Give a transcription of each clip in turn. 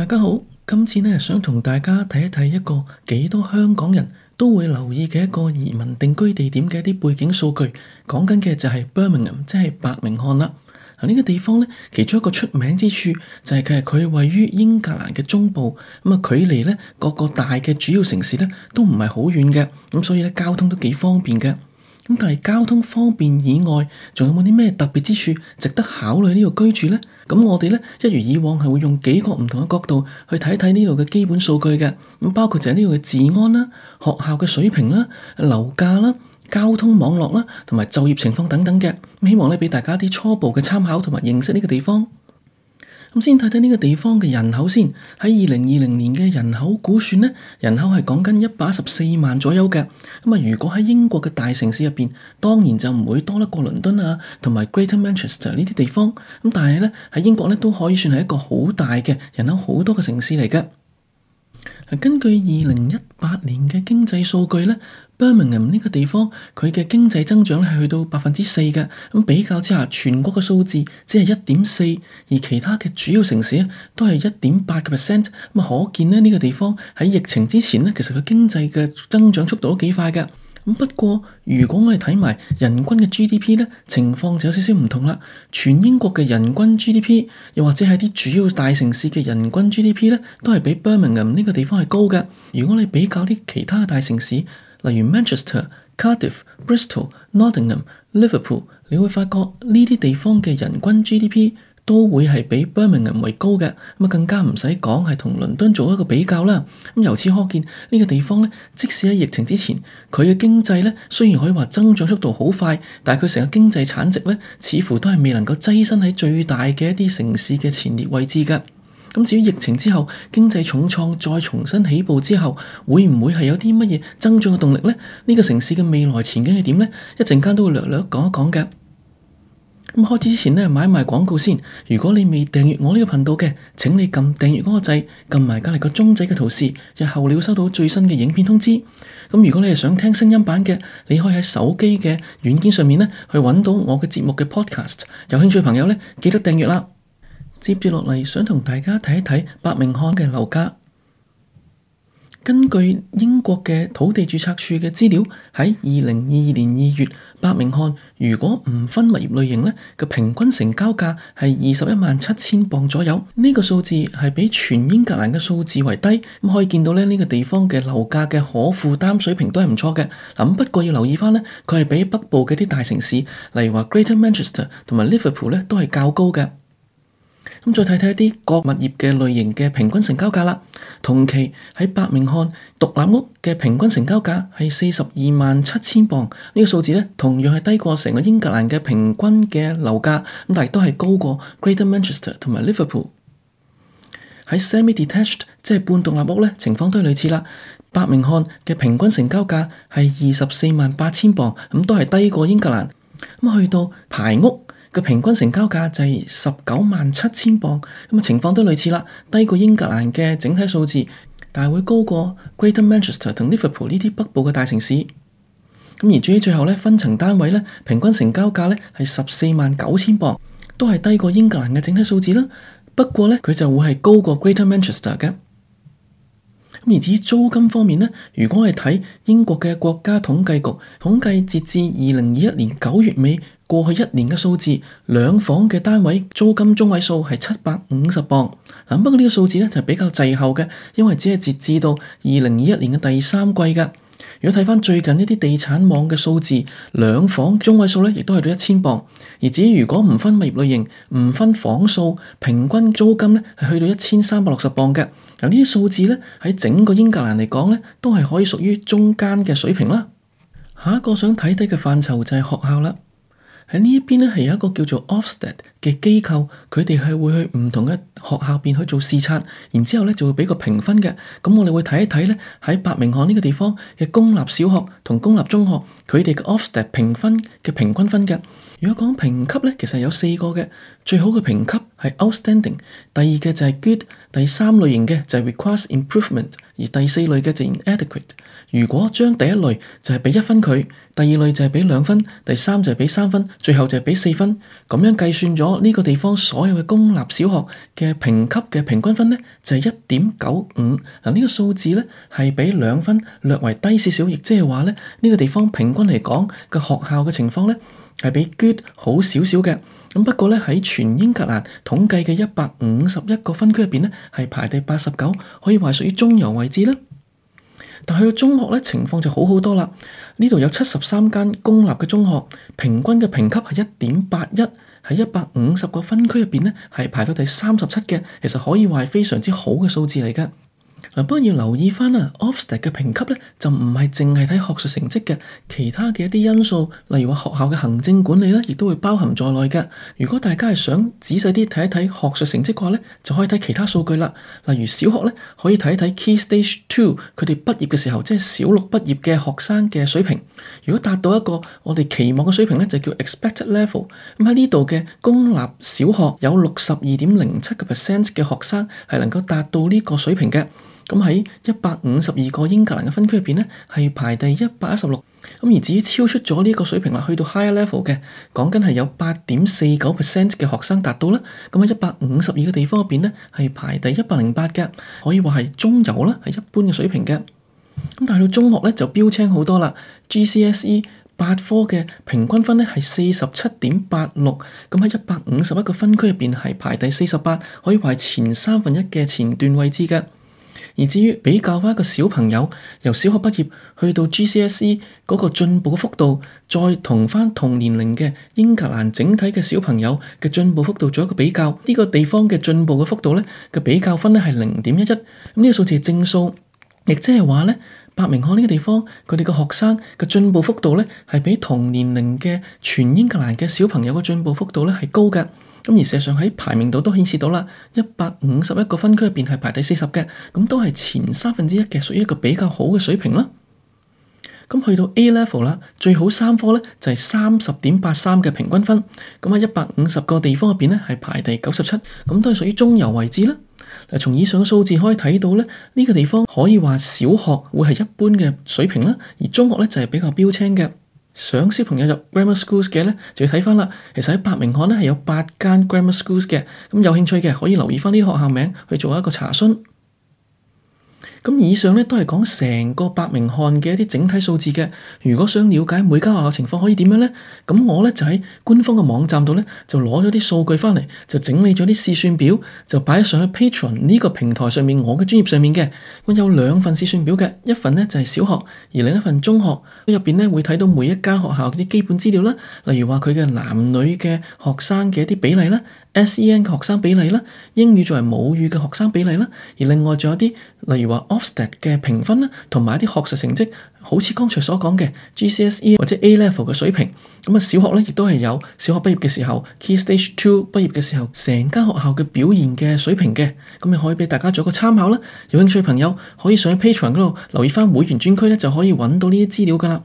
大家好，今次呢想同大家睇一睇一個幾多香港人都會留意嘅一個移民定居地點嘅一啲背景數據，講緊嘅就係 Birmingham，即係伯明翰啦。嗱，呢個地方呢，其中一個出名之處就係佢位於英格蘭嘅中部，咁啊，距離呢各個大嘅主要城市呢都唔係好遠嘅，咁所以呢交通都幾方便嘅。咁但係交通方便以外，仲有冇啲咩特別之處值得考慮呢度居住呢？咁我哋呢，一如以往係會用幾個唔同嘅角度去睇睇呢度嘅基本數據嘅，咁包括就係呢度嘅治安啦、學校嘅水平啦、樓價啦、交通網絡啦，同埋就業情況等等嘅。咁希望呢，畀大家啲初步嘅參考同埋認識呢個地方。咁先睇睇呢個地方嘅人口先。喺二零二零年嘅人口估算呢，人口係講緊一百一十四萬左右嘅。咁啊，如果喺英國嘅大城市入邊，當然就唔會多得過倫敦啊，同埋 Greater Manchester 呢啲地方。咁但係呢，喺英國呢都可以算係一個好大嘅人口好多嘅城市嚟嘅。根據二零一八年嘅經濟數據呢，Birmingham 呢個地方佢嘅經濟增長係去到百分之四嘅，咁比較之下全國嘅數字只係一點四，而其他嘅主要城市都係一點八個 percent，咁啊可見呢，呢、呢個地方喺疫情之前呢，其實佢經濟嘅增長速度都幾快嘅。不過，如果我哋睇埋人均嘅 GDP 呢，情況就有少少唔同啦。全英國嘅人均 GDP，又或者係啲主要大城市嘅人均 GDP 呢，都係比 Birmingham 呢個地方係高嘅。如果你比較啲其他大城市，例如 Manchester、Cardiff、Bristol、Nottingham、Liverpool，你會發覺呢啲地方嘅人均 GDP。都會係比伯明翰為高嘅，咁啊更加唔使講係同倫敦做一個比較啦。咁由此可見呢個地方咧，即使喺疫情之前，佢嘅經濟咧雖然可以話增長速度好快，但係佢成個經濟產值咧，似乎都係未能夠擠身喺最大嘅一啲城市嘅前列位置㗎。咁至於疫情之後經濟重創再重新起步之後，會唔會係有啲乜嘢增長嘅動力呢？呢個城市嘅未來前景係點呢？一陣間都會略略講一講嘅。咁開始之前咧，買埋廣告先。如果你未訂閱我呢個頻道嘅，請你撳訂閱嗰個掣，撳埋隔籬個鐘仔嘅圖示，日後你會收到最新嘅影片通知。咁如果你係想聽聲音版嘅，你可以喺手機嘅軟件上面咧去揾到我嘅節目嘅 podcast。有興趣嘅朋友咧，記得訂閱啦。接住落嚟，想同大家睇一睇伯明翰嘅樓價。根據英國嘅土地註冊處嘅資料，喺二零二二年二月，伯明翰如果唔分物業類型咧，嘅平均成交價係二十一萬七千鎊左右。呢個數字係比全英格蘭嘅數字為低。咁可以見到咧，呢個地方嘅樓價嘅可負擔水平都係唔錯嘅。咁不過要留意翻咧，佢係比北部嘅啲大城市，例如話 Greater Manchester 同埋 Liverpool 咧，都係較高嘅。咁再睇睇一啲各物業嘅類型嘅平均成交價啦。同期喺伯明翰獨立屋嘅平均成交價係四十二萬七千鎊，呢個數字呢，同樣係低過成個英格蘭嘅平均嘅樓價，咁但係都係高過 Greater Manchester 同埋 Liverpool 喺 semi-detached，即係半獨立屋呢，情況都係類似啦。伯明翰嘅平均成交價係二十四萬八千鎊，咁都係低過英格蘭。咁去到排屋嘅平均成交價就係十九萬七千鎊，咁情況都類似啦，低過英格蘭嘅整體數字，但係會高過 Greater Manchester 同 Liverpool 呢啲北部嘅大城市。咁而至於最後咧，分層單位咧平均成交價咧係十四萬九千鎊，都係低過英格蘭嘅整體數字啦。不過咧，佢就會係高過 Greater Manchester 嘅。咁而至於租金方面咧，如果我哋睇英國嘅國家統計局統計，截至二零二一年九月尾，過去一年嘅數字，兩房嘅單位租金中位數係七百五十磅。不過呢個數字呢，就比較滯後嘅，因為只係截至到二零二一年嘅第三季㗎。如果睇翻最近一啲地產網嘅數字，兩房中位數呢，亦都係到一千磅。而至於如果唔分物業類型、唔分房數，平均租金呢，係去到一千三百六十磅嘅。嗱，呢啲數字呢，喺整個英格蘭嚟講呢，都係可以屬於中間嘅水平啦。下一個想睇低嘅範疇就係學校啦。喺呢一邊咧，係有一個叫做 Ofsted 嘅機構，佢哋係會去唔同嘅學校邊去做視察，然之後咧就會俾個評分嘅。咁我哋會睇一睇咧喺伯明翰呢個地方嘅公立小學同公立中學佢哋嘅 Ofsted 評分嘅平均分嘅。如果講評級咧，其實有四個嘅最好嘅評級係 outstanding，第二嘅就係 good，第三類型嘅就係 requires improvement，而第四類嘅就係 inadequate。如果將第一類就係俾一分佢，第二類就係俾兩分，第三就係俾三分，最後就係俾四分咁樣計算咗呢個地方所有嘅公立小學嘅評級嘅平均分呢，就係一點九五嗱。呢、這個數字呢係比兩分略為低少少，亦即係話呢，呢、這個地方平均嚟講嘅學校嘅情況呢。係比 good 好少少嘅。咁不過咧，喺全英格蘭統計嘅一百五十一個分區入邊咧，係排第八十九，可以話屬於中游位置啦。但去到中學咧，情況就好好多啦，呢度有七十三間公立嘅中學，平均嘅評級係一點八一，喺一百五十個分區入邊咧，係排到第三十七嘅，其實可以話係非常之好嘅數字嚟嘅。不過要留意翻啊 Ofsted 嘅評級咧就唔係淨係睇學術成績嘅，其他嘅一啲因素，例如話學校嘅行政管理咧，亦都會包含在內嘅。如果大家係想仔細啲睇一睇學術成績嘅話咧，就可以睇其他數據啦。例如小學咧，可以睇一睇 Key Stage Two 佢哋畢業嘅時候，即係小六畢業嘅學生嘅水平。如果達到一個我哋期望嘅水平咧，就叫 Expected Level。咁喺呢度嘅公立小學有六十二點零七個 percent 嘅學生係能夠達到呢個水平嘅。咁喺一百五十二個英格蘭嘅分區入邊呢係排第一百一十六。咁而至於超出咗呢個水平啦，去到 higher level 嘅，講緊係有八點四九 percent 嘅學生達到啦。咁喺一百五十二個嘅地方入邊呢係排第一百零八嘅，可以話係中游啦，係一般嘅水平嘅。咁但係到中學呢，就標青好多啦。GCSE 八科嘅平均分呢係四十七點八六，咁喺一百五十一個分區入邊係排第四十八，可以話係前三分一嘅前段位置嘅。而至於比較翻一個小朋友由小學畢業去到 GCSE 嗰個進步嘅幅度，再同翻同年齡嘅英格蘭整體嘅小朋友嘅進步幅度做一個比較，呢、這個地方嘅進步嘅幅度咧嘅比較分咧係零點一一，咁、這個、呢個數字係正數，亦即係話咧伯明翰呢個地方佢哋個學生嘅進步幅度咧係比同年齡嘅全英格蘭嘅小朋友嘅進步幅度咧係高嘅。咁而事實上喺排名度都顯示到啦，一百五十一個分區入邊係排第四十嘅，咁都係前三分之一嘅，屬於一個比較好嘅水平啦。咁去到 A level 啦，最好三科呢就係三十點八三嘅平均分，咁喺一百五十個地方入邊呢，係排第九十七，咁都係屬於中游位置啦。嗱，從以上嘅數字可以睇到呢，呢、呢個地方可以話小學會係一般嘅水平啦，而中學呢就係比較標青嘅。想小朋友入 grammar schools 嘅咧，就要睇返啦。其實喺伯明翰咧係有八間 grammar schools 嘅，咁有興趣嘅可以留意返啲學校名去做一個查詢。咁以上咧都係講成個伯明翰嘅一啲整體數字嘅。如果想了解每間學校情況，可以點樣咧？咁我咧就喺官方嘅網站度咧，就攞咗啲數據翻嚟，就整理咗啲試算表，就擺上去 Patreon 呢個平台上面，我嘅專頁上面嘅。我有兩份試算表嘅，一份咧就係小學，而另一份中學。入邊咧會睇到每一家學校啲基本資料啦，例如話佢嘅男女嘅學生嘅一啲比例啦。S.E.N. 嘅學生比例啦，英語作為母語嘅學生比例啦，而另外仲有啲，例如話 Ofsted 嘅評分啦，同埋一啲學術成績，好似剛才所講嘅 G.C.S.E. 或者 A-Level 嘅水平。咁、嗯、啊，小學咧亦都係有小學畢業嘅時候，Key Stage Two 畢業嘅時候，成間學校嘅表現嘅水平嘅，咁、嗯、咪可以俾大家做個參考啦。有興趣朋友可以上去 Patreon 嗰度留意翻會員專區咧，就可以揾到呢啲資料噶啦。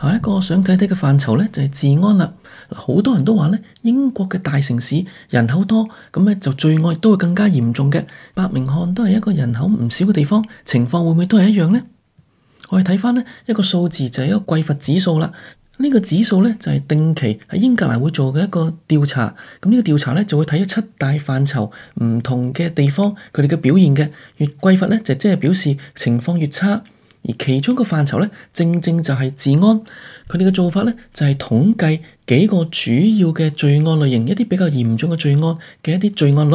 下一個想睇睇嘅範疇呢，就係治安啦。好多人都話呢，英國嘅大城市人口多，咁呢就罪案都會更加嚴重嘅。伯明翰都係一個人口唔少嘅地方，情況會唔會都係一樣呢？我哋睇翻呢，一個數字就係一個匱乏指數啦。呢個指數呢，就係定期喺英格蘭會做嘅一個調查。咁呢個調查呢，就會睇咗七大範疇唔同嘅地方佢哋嘅表現嘅。越匱乏呢，就即係表示情況越差。而其中個範疇呢，正正就係治安。佢哋嘅做法呢，就係統計幾個主要嘅罪案類型，一啲比較嚴重嘅罪案嘅一啲罪案率，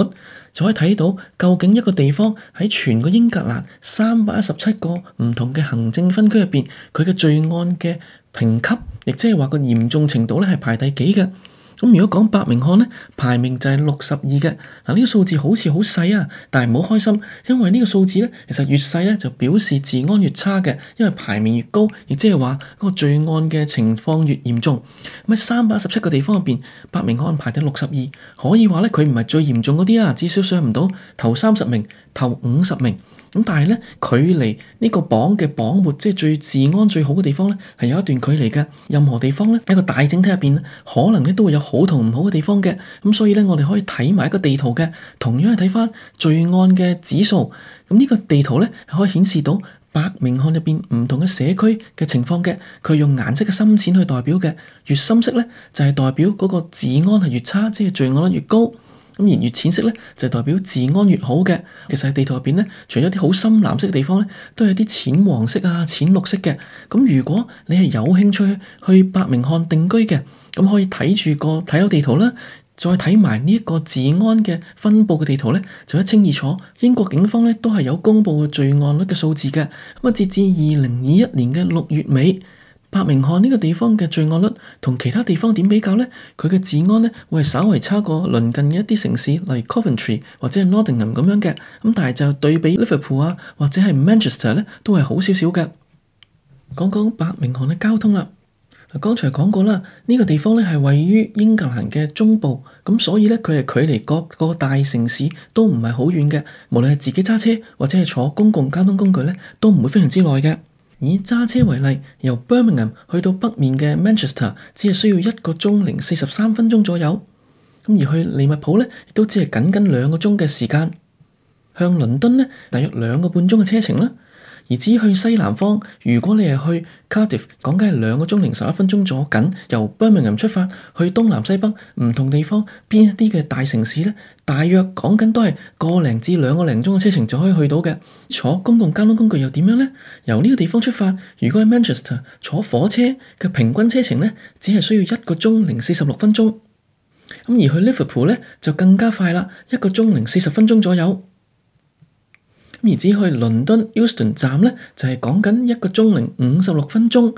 就可以睇到究竟一個地方喺全個英格蘭三百一十七個唔同嘅行政分區入面，佢嘅罪案嘅評級，亦即係話個嚴重程度呢，係排第幾嘅。咁如果講伯明翰呢，排名就係六十二嘅。嗱，呢個數字好似好細啊，但係唔好開心，因為呢個數字呢，其實越細呢就表示治安越差嘅，因為排名越高，亦即係話嗰個罪案嘅情況越嚴重。咁喺三百一十七個地方入邊，伯明翰排喺六十二，可以話呢，佢唔係最嚴重嗰啲啊，至少上唔到頭三十名、頭五十名。但係咧，距離呢個榜嘅榜末，即係最治安最好嘅地方咧，係有一段距離嘅。任何地方咧，喺個大整體入邊可能咧都會有好同唔好嘅地方嘅。咁所以咧，我哋可以睇埋一個地圖嘅，同樣係睇返罪案嘅指數。咁呢個地圖咧，係可以顯示到伯明翰入邊唔同嘅社區嘅情況嘅。佢用顏色嘅深淺去代表嘅，越深色咧就係代表嗰個治安係越差，即係罪案率越高。咁而越淺色咧，就代表治安越好嘅。其實喺地圖入邊咧，除咗啲好深藍色嘅地方咧，都有啲淺黃色啊、淺綠色嘅。咁如果你係有興趣去伯明翰定居嘅，咁可以睇住個睇到地圖啦，再睇埋呢一個治安嘅分佈嘅地圖咧，就一清二楚。英國警方咧都係有公佈嘅罪案率嘅數字嘅咁啊，截至二零二一年嘅六月尾。伯明翰呢個地方嘅罪案率同其他地方點比較呢？佢嘅治安咧會係稍微差過鄰近嘅一啲城市，例如 Coventry 或者係 Nottingham 咁樣嘅。咁但係就對比 Liverpool 啊或者係 Manchester 呢，都係好少少嘅。講講伯明翰嘅交通啦，剛才講過啦，呢、這個地方咧係位於英格蘭嘅中部，咁所以呢，佢係距離各個大城市都唔係好遠嘅。無論係自己揸車或者係坐公共交通工具呢，都唔會非常之耐嘅。以揸車為例，由 Birmingham 去到北面嘅 Manchester 只係需要一個鐘零四十三分鐘左右。咁而去利物浦咧，亦都只係僅僅兩個鐘嘅時間。向倫敦咧，大約兩個半鐘嘅車程啦。而至於去西南方，如果你係去 Cardiff，講緊係兩個鐘零十一分鐘左近，由 Birmingham、er、出發去東南西北唔同地方，邊一啲嘅大城市呢，大約講緊都係個零至兩個零鐘嘅車程就可以去到嘅。坐公共交通工具又點樣呢？由呢個地方出發，如果喺 Manchester 坐火車嘅平均車程呢，只係需要一個鐘零四十六分鐘。咁而去 Liverpool 呢，就更加快啦，一個鐘零四十分鐘左右。而只去倫敦 Euston 站呢，就係講緊一個鐘零五十六分鐘；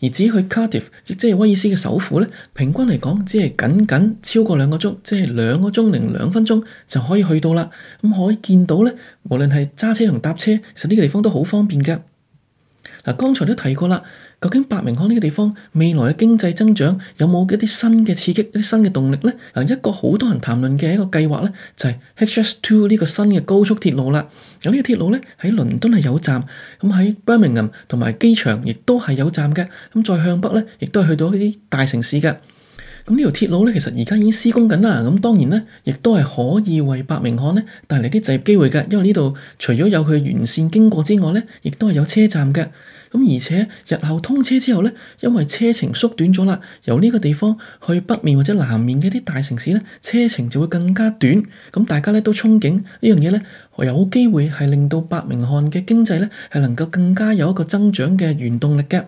而只去 Cardiff，即係威爾斯嘅首府呢，平均嚟講，只係僅僅超過兩個鐘，即係兩個鐘零兩分鐘就可以去到啦。咁可以見到呢，無論係揸車同搭車，其實呢個地方都好方便嘅。嗱，剛才都提過啦。究竟伯明翰呢個地方未來嘅經濟增長有冇一啲新嘅刺激、一啲新嘅動力呢？啊，一個好多人談論嘅一個計劃呢，就係 HS2 呢個新嘅高速鐵路啦。咁呢個鐵路呢，喺倫敦係有站，咁喺伯明翰同埋機場亦都係有站嘅。咁再向北呢，亦都係去到一啲大城市嘅。咁呢條鐵路咧，其實而家已經施工緊啦。咁當然咧，亦都係可以為伯明翰咧帶嚟啲就業機會嘅，因為呢度除咗有佢嘅完善經過之外咧，亦都係有車站嘅。咁而且日後通車之後咧，因為車程縮短咗啦，由呢個地方去北面或者南面嘅一啲大城市咧，車程就會更加短。咁大家咧都憧憬呢樣嘢咧，有機會係令到伯明翰嘅經濟咧係能夠更加有一個增長嘅原動力嘅。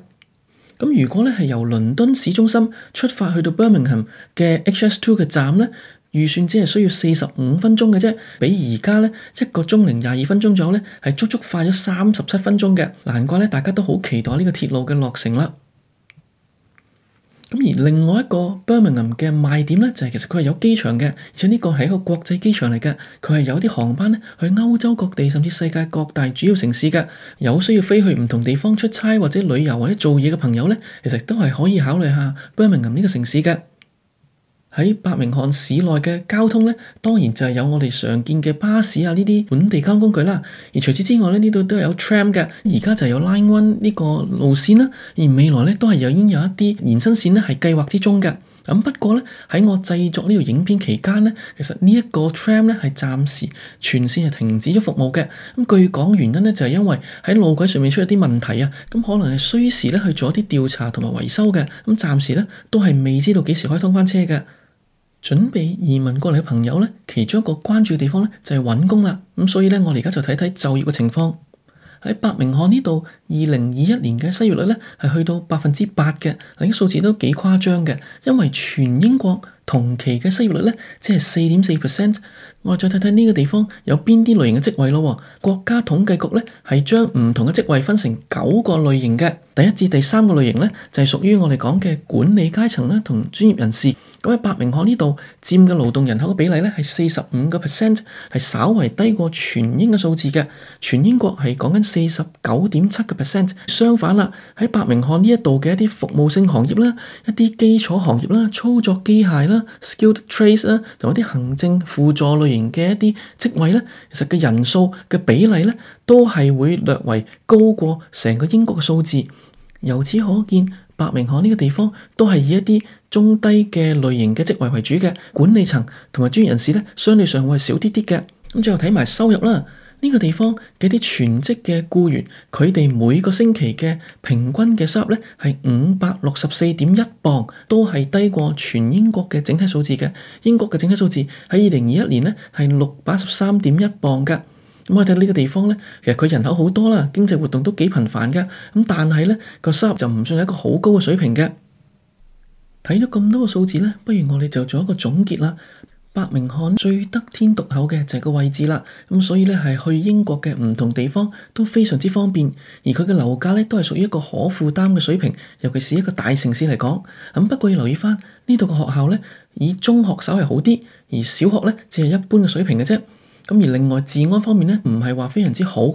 咁如果呢，係由倫敦市中心出發去到 Birmingham 嘅 H S Two 嘅站呢，預算只係需要四十五分鐘嘅啫，比而家呢一個鐘零廿二分鐘左右呢係足足快咗三十七分鐘嘅，難怪呢大家都好期待呢個鐵路嘅落成啦。咁而另外一個 Birmingham 嘅賣點呢，就係其實佢係有機場嘅，而且呢個係一個國際機場嚟嘅，佢係有啲航班呢，去歐洲各地，甚至世界各大主要城市嘅。有需要飛去唔同地方出差或者旅遊或者做嘢嘅朋友呢，其實都係可以考慮下 Birmingham 呢個城市嘅。喺伯明翰市內嘅交通咧，當然就係有我哋常見嘅巴士啊，呢啲本地交通工具啦。而除此之外咧，呢度都有 tram 嘅。而家就有 Line One 呢個路線啦，而未來咧都係有已經有一啲延伸線咧係計劃之中嘅。咁不過咧喺我製作呢條影片期間咧，其實呢一個 tram 咧係暫時全線係停止咗服務嘅。咁據講原因咧就係因為喺路軌上面出咗啲問題啊，咁可能係需時咧去做一啲調查同埋維修嘅。咁暫時咧都係未知道幾時開通翻車嘅。準備移民過嚟嘅朋友咧，其中一個關注嘅地方咧就係、是、揾工啦。咁、嗯、所以咧，我哋而家就睇睇就業嘅情況。喺伯明翰呢度，二零二一年嘅失業率咧係去到百分之八嘅，呢啲數字都幾誇張嘅。因為全英國同期嘅失業率咧只係四點四 percent。我哋再睇睇呢個地方有邊啲類型嘅職位咯、哦、國家統計局咧係將唔同嘅職位分成九個類型嘅，第一至第三個類型咧就係、是、屬於我哋講嘅管理階層啦同專業人士。咁喺伯明翰呢度佔嘅勞動人口嘅比例咧係四十五個 percent，係稍為低過全英嘅數字嘅。全英國係講緊四十九點七個 percent。相反啦，喺伯明翰呢一度嘅一啲服務性行業啦、一啲基礎行業啦、操作機械啦、skilled trades 啦同一啲行政輔助類型。嘅一啲職位咧，其實嘅人數嘅比例咧，都係會略為高過成個英國嘅數字。由此可見，伯明翰呢個地方都係以一啲中低嘅類型嘅職位為主嘅，管理層同埋專業人士咧，相對上會係少啲啲嘅。咁最後睇埋收入啦。呢個地方嘅啲全職嘅僱員，佢哋每個星期嘅平均嘅收入咧係五百六十四點一磅，都係低過全英國嘅整體數字嘅。英國嘅整體數字喺二零二一年呢係六百十三點一磅噶。咁我睇呢個地方咧，其實佢人口好多啦，經濟活動都幾頻繁嘅。咁但係咧，個收入就唔算係一個好高嘅水平嘅。睇咗咁多個數字咧，不如我哋就做一個總結啦。伯明翰最得天獨厚嘅就係個位置啦，咁所以呢，係去英國嘅唔同地方都非常之方便，而佢嘅樓價呢都係屬於一個可負擔嘅水平，尤其是一個大城市嚟講。咁不過要留意翻呢度嘅學校呢，以中學稍為好啲，而小學呢，只係一般嘅水平嘅啫。咁而另外治安方面呢，唔係話非常之好。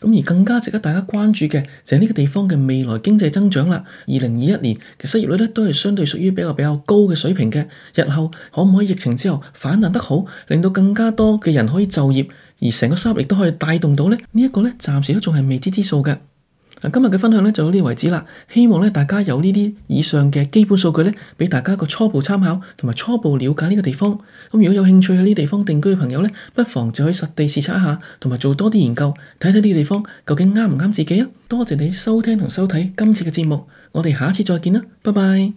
而更加值得大家關注嘅就係、是、呢個地方嘅未來經濟增長啦。二零二一年嘅失業率呢都係相對屬於比較比較高嘅水平嘅。日後可唔可以疫情之後反彈得好，令到更加多嘅人可以就業，而成個收入亦都可以帶動到呢呢一、這個呢暫時都仲係未知之數嘅。嗱，今日嘅分享咧就到呢度為止啦。希望咧大家有呢啲以上嘅基本數據咧，俾大家一個初步參考同埋初步了解呢個地方。咁如果有興趣喺呢地方定居嘅朋友咧，不妨就去實地視察一下，同埋做多啲研究，睇睇呢個地方究竟啱唔啱自己啊！多謝你收聽同收睇今次嘅節目，我哋下次再見啦，拜拜。